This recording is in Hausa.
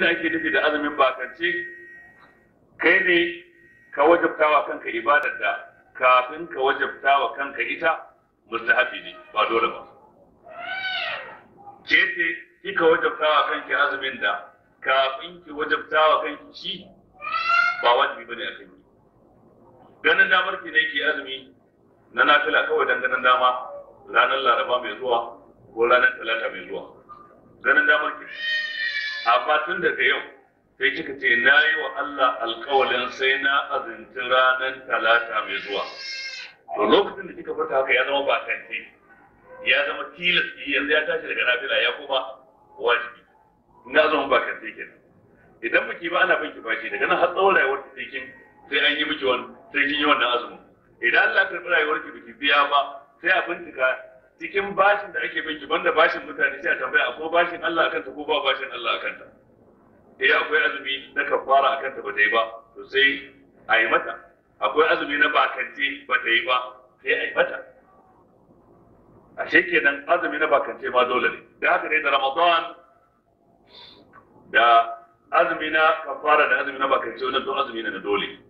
da ake nufi da azumin bakance kai ne ka wajabta wa kanka ibadar da kafin ka wajabta wa kanka ita hafi ne ba dole ba ke ce kika wajabta wa kanki azumin da kafin ki wajabta wa kanki shi ba wajibi bane a ki ganin damar ki ne ki azumi na nafila kawai dan ganin dama ranar laraba mai zuwa ko ranar talata mai zuwa ganin damar ki amma tun daga yau sai kika ce na yi wa Allah alkawalin sai na azinci ranar talata mai zuwa to lokacin da kika fita haka ya zama ba kante ya zama tilas yanzu ya tashi daga nafila ya kuma wajibi na zama ba kante kenan idan muke ba ana binki bashi daga nan har tsawon rayuwar ta sai kin sai an yi miki wani sai kin yi wannan azumin idan Allah ya karɓi rayuwar ki biki biya ba sai a bincika cikin bashin da ake binki da bashin mutane sai a tambaya akwai bashin Allah akan ta ko ba bashin Allah akan ta eh akwai azumi na kafara akan ta ba ta yi ba to sai a yi mata akwai azumi na bakance ba ta yi ba sai a yi mata ashe kenan azumi na bakance ma dole ne da haka ne da Ramadan da azumi na kafara da azumi na bakance wannan don azumi ne na dole